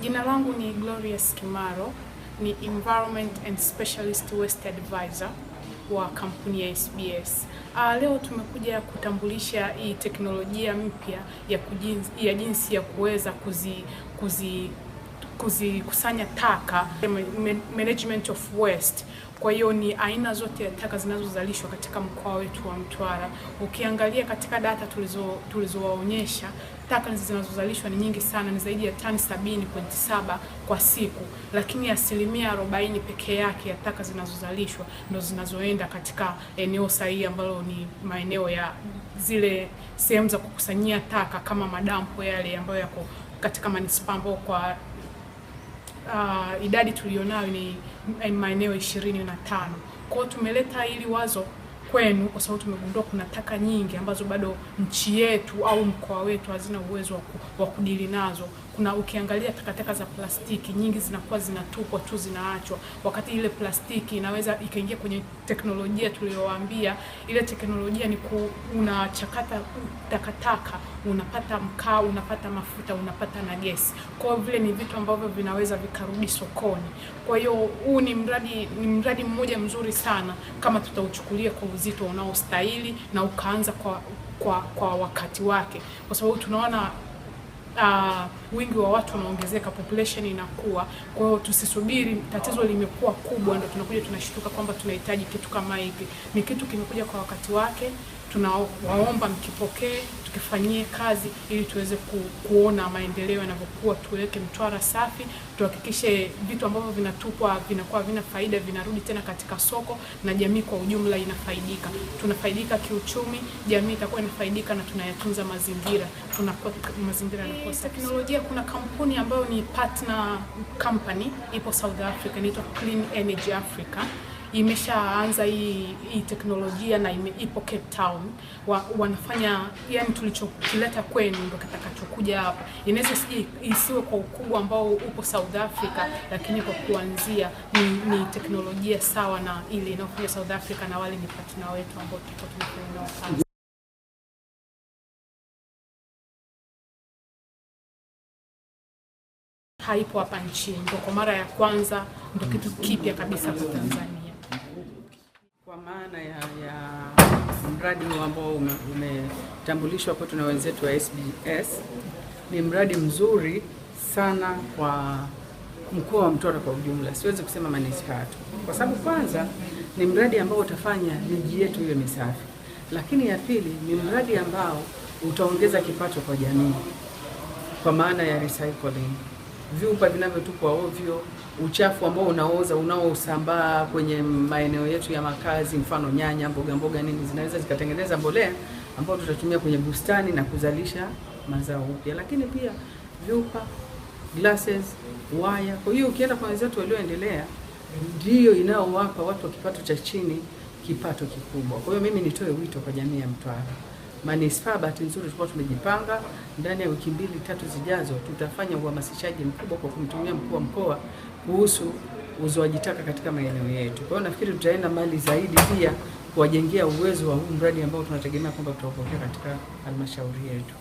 Jina langu ni Glorious Kimaro, ni Environment and Specialist Waste Advisor wa kampuni ya SBS. Aa, ah, leo tumekuja kutambulisha hii teknolojia mpya ya, ya jinsi ya kuweza kuzi, kuzi kuzikusanya taka management of waste kwa hiyo ni aina zote ya taka zinazozalishwa katika mkoa wetu wa Mtwara. Ukiangalia katika data tulizowaonyesha, taka zinazozalishwa ni nyingi sana, ni zaidi ya tani saba kwa siku, lakini asilimia arobaini pekee yake ya taka zinazozalishwa ndo zinazoenda katika eneo sahihi ambalo ni maeneo ya zile sehemu za kukusanyia taka kama madampo yale ambayo yako katika manispaa ambao kwa uh, idadi tulionayo ni maeneo ishirini na tano. Kwa tumeleta hili wazo kwenu kwa sababu tumegundua kuna taka nyingi ambazo bado nchi yetu au mkoa wetu hazina uwezo wa kudili nazo na ukiangalia takataka za plastiki nyingi zinakuwa zinatupwa tu zinaachwa, wakati ile plastiki inaweza ikaingia kwenye teknolojia tuliyowaambia. Ile teknolojia ni ku, unachakata takataka unapata mkaa, unapata mafuta, unapata na gesi. Kwa hiyo vile ni vitu ambavyo vinaweza vikarudi sokoni. Kwa hiyo huu ni mradi ni mradi mmoja mzuri sana kama tutauchukulia kwa uzito unaostahili na ukaanza kwa, kwa, kwa wakati wake, kwa sababu tunaona uh, wingi wa watu unaongezeka, population inakuwa. Kwa hiyo tusisubiri tatizo limekuwa kubwa ndio tunakuja tunashtuka kwamba tunahitaji kitu kama hiki. Ni kitu kimekuja kwa wakati wake tunawaomba mtupokee, tukifanyie kazi ili tuweze ku, kuona maendeleo yanavyokuwa, tuweke Mtwara safi, tuhakikishe vitu ambavyo vinatupwa vinakuwa vina faida, vinarudi tena katika soko na jamii kwa ujumla inafaidika. Tunafaidika kiuchumi, jamii itakuwa inafaidika na tunayatunza mazingira, tunakuwa mazingira na safi. Teknolojia, kuna kampuni ambayo ni partner company ipo South Africa inaitwa Clean Energy Africa imeshaanza hii hii teknolojia na ime, ipo Cape Town wa, wanafanya yani, tulichokileta kwenu ndio kitakachokuja hapa. Inaweza isiwe kwa ukubwa ambao upo South Africa, lakini kwa kuanzia ni, ni teknolojia sawa na ile inayofanya South Africa, na wale ni partner wetu ambao tuko tunafanya haipo hapa nchini, ndio kwa mara ya kwanza, ndio kitu kipya kabisa kwa Tanzania kwa maana ya, ya mradi huu ambao umetambulishwa ume kwetu na wenzetu wa SBS ni mradi mzuri sana kwa mkoa wa Mtwara kwa ujumla, siwezi kusema manispaa tu, kwa sababu kwanza ni mradi ambao utafanya miji yetu iwe misafi, lakini ya pili ni mradi ambao utaongeza kipato kwa jamii kwa maana ya recycling vyupa vinavyotupwa ovyo, uchafu ambao unaoza unaosambaa kwenye maeneo yetu ya makazi, mfano nyanya, mboga mboga nini, zinaweza zikatengeneza mbolea ambayo tutatumia kwenye bustani na kuzalisha mazao upya, lakini pia vyupa, glasses, waya. Kwa hiyo ukienda kwa wenzetu walioendelea, ndiyo inaowapa watu wa kipato cha chini kipato kikubwa. Kwa hiyo mimi nitoe wito kwa jamii ya Mtwara manispaa. Bahati nzuri tulikuwa tumejipanga, ndani ya wiki mbili tatu zijazo tutafanya uhamasishaji mkubwa kwa kumtumia mkuu wa mkoa kuhusu uzoaji taka katika maeneo yetu. Kwa hiyo nafikiri tutaenda mbali zaidi pia kuwajengea uwezo wa huu mradi ambao tunategemea kwamba tutaupokea katika halmashauri yetu.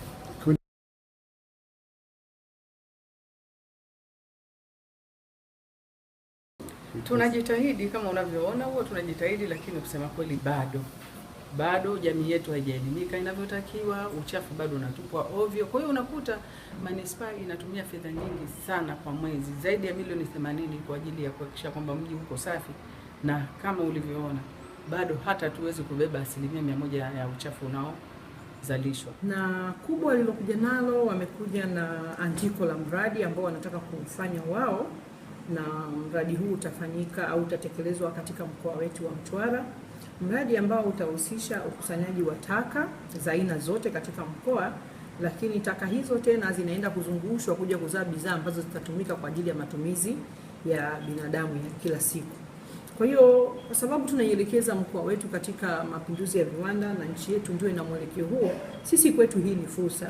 Tunajitahidi kama unavyoona, huwa tunajitahidi, lakini kusema kweli bado bado jamii yetu haijaelimika inavyotakiwa, uchafu bado unatupwa ovyo. Kwa hiyo unakuta manispaa inatumia fedha nyingi sana kwa mwezi, zaidi ya milioni 80 kwa ajili ya kuhakikisha kwamba mji uko safi, na kama ulivyoona bado hata tuwezi kubeba asilimia mia moja ya uchafu unaozalishwa. Na kubwa lilokuja nalo, wamekuja na andiko la mradi ambao wanataka kufanya wao, na mradi huu utafanyika au utatekelezwa katika mkoa wetu wa Mtwara mradi ambao utahusisha ukusanyaji wa taka za aina zote katika mkoa, lakini taka hizo tena zinaenda kuzungushwa kuja kuzaa bidhaa ambazo zitatumika kwa ajili ya matumizi ya binadamu ya kila siku. Kwa hiyo kwa sababu tunaielekeza mkoa wetu katika mapinduzi ya viwanda na nchi yetu ndio ina mwelekeo huo, sisi kwetu hii ni fursa,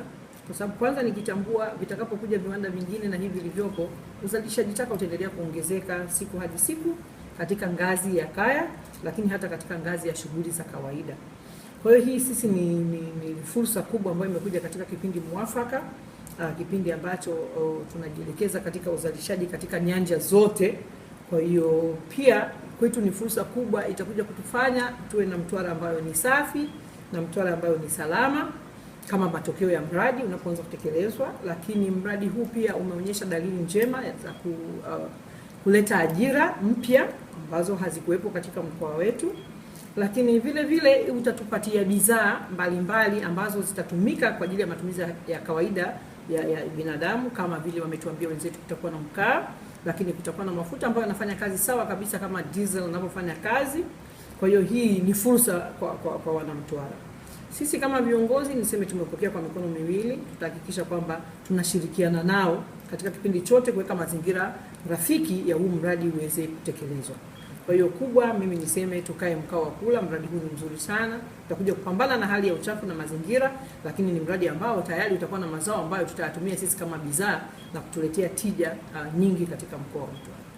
kwa sababu kwanza nikitambua vitakapokuja viwanda vingine na hivi vilivyopo, uzalishaji taka utaendelea kuongezeka siku hadi siku katika ngazi ya kaya, lakini hata katika ngazi ya shughuli za kawaida. Kwa hiyo hii sisi ni, ni, ni fursa kubwa ambayo imekuja katika kipindi mwafaka, uh, kipindi ambacho uh, tunajielekeza katika uzalishaji katika nyanja zote. Kwa hiyo pia kwetu ni fursa kubwa, itakuja kutufanya tuwe na Mtwara ambayo ni safi na Mtwara ambayo ni salama kama matokeo ya mradi unapoanza kutekelezwa. Lakini mradi huu pia umeonyesha dalili njema za ku, uh, kuleta ajira mpya ambazo hazikuwepo katika mkoa wetu, lakini vile vile utatupatia bidhaa mbalimbali ambazo zitatumika kwa ajili ya matumizi ya kawaida ya, ya binadamu kama vile wametuambia wenzetu, kutakuwa na mkaa, lakini kutakuwa na mafuta ambayo yanafanya kazi sawa kabisa kama diesel inavyofanya kazi. Kwa hiyo hii ni fursa kwa, kwa, kwa wanamtwara. Sisi kama viongozi niseme, tumepokea kwa mikono miwili. Tutahakikisha kwamba tunashirikiana nao katika kipindi chote kuweka mazingira rafiki ya huu mradi uweze kutekelezwa. Kwa hiyo kubwa, mimi niseme tukae mkao wa kula. Mradi huu ni mzuri sana, utakuja kupambana na hali ya uchafu na mazingira, lakini ni mradi ambao tayari utakuwa na mazao ambayo tutayatumia sisi kama bidhaa na kutuletea tija uh, nyingi katika mkoa wa Mtwara.